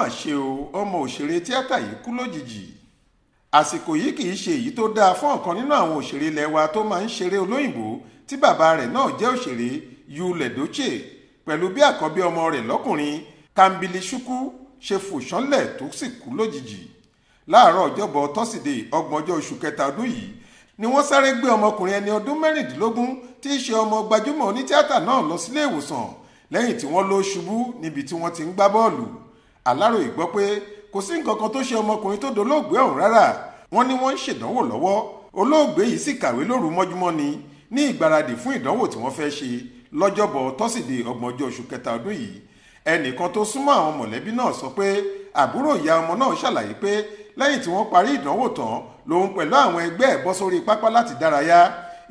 mà ṣe o ọmọ òṣèré tíátà yìí kú lójijì àsìkò yìí kì í ṣe èyí tó dáa fún ọ̀kan nínú àwọn òṣèré ilẹ̀ wa tó máa ń ṣeré olóyìnbó tí bàbá rẹ̀ náà jẹ́ òṣèré yu lẹ̀dọ́chè pẹ̀lú bí àkọ́bí ọmọ rẹ̀ lọ́kùnrin kambili ṣukwu ṣe fò ṣánlẹ̀ tó sì kú lójijì láàárọ̀ ọjọ́bọ̀ tọ́sídẹ̀ẹ́ ọgbọ̀njọ́ oṣù kẹta ọdún yìí ni wọ́n sáré gbé ọmọkùnrin ẹni ọdún mẹ́rìndínlógún tí í ṣe ọmọ gbajúmọ̀ onítíátà náà lọ sílé ìwòsàn lẹ́yìn tí wọ́n lọ ṣubú níbi tí wọ́n ti ń gbá bọ́ọ̀lù aláròye gbọ́ pé kò sí nǹkan kan tó ṣe ọmọkùnrin tó dolóògbé ọ̀hún rárá wọ́n ní wọ́n ń ṣèdánwò lọ́wọ́ olóògbé yìí sì kàwé lóru mọ́júmọ́ ni ní ìgbáradì fún ìdánwò tí wọ́n fẹ́ ṣe lọ́jọ́bọ̀ tọ́sídẹ̀ẹ́ ọgbọ̀njọ́ oṣù kẹta ọdún yìí ẹnìkan tó súnmọ́ àwọn mọ̀lẹ́bí náà sọ pé àbúrò ìyá ọmọ náà ṣàlàyé pé lẹ́yìn tí wọ́n parí ìdánwò tán lòun pẹ̀lú àwọn ẹgbẹ́ ẹ̀ bọ́ sórí pápá láti dárayá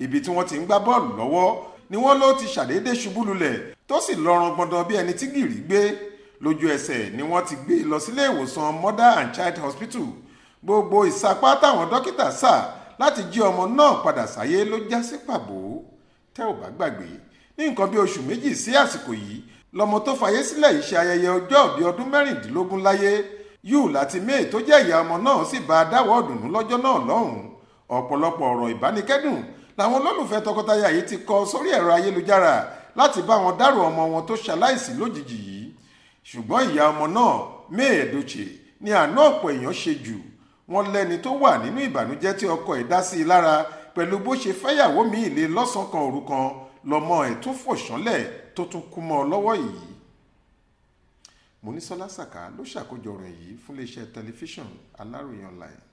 ibi tí wọ́n ti ń gbá bọ́ọ̀lù lọ́wọ́ ni wọ́n ló ti ṣàdédé ṣubú lulẹ̀ tó sì lọ́rùn gbọ̀ndàn bí ẹni tí gìrì gbé lójú ẹsẹ̀ ni wọ́n ti gbé e lọ sílé ìwòsàn mother and child hospital gbogbo ìsapá táwọn dókítà sà láti jí ọmọ náà padà sáyé ló já sí pàbó tẹ́ ò bá gbàgbé ní nǹkan bí oṣù méjì sí àsìkò yìí lọmọ tó fàyè sílẹ̀ yìí ṣe ayẹyẹ ọjọ́ bíi ọdún mẹ́rìndínlógún láyé yù láti may tó jẹ́ ìyá ọmọ náà sì bá a dáwọ́ ọ̀dùnnú lọ́jọ́ náà lọ́hùn-ún ọ̀pọ̀lọpọ̀ ọ̀rọ̀ ìbánikẹ́dùn làwọn olólùfẹ́ tọkọtaya yìí ti kọ sórí ẹ̀rọ ayélujára láti bá wọn dárò ọmọ wọn tó ṣaláìsí lójijì yìí ṣùgbọ́n ìyá ọmọ náà May Edochie ni àánú ọ̀pọ̀ èèyàn ṣe jù wọ́n lẹ́ni tó wà nínú ìbànújẹ́ tí ọkọ ẹ̀ dá sí i lára pẹ̀lú bó ṣe fẹ́yàwó mi ìlé lọ́sàn kan òru kan lọ́mọ ẹ̀ tún fòṣánlẹ̀ tó tún kú mọ́ ọ lọ́wọ́ yìí. Monísọ́lá Sàká ló ṣàkójọ ọ̀rọ̀ yìí fún iléeṣẹ́ tẹlifíṣàn Aláròye online.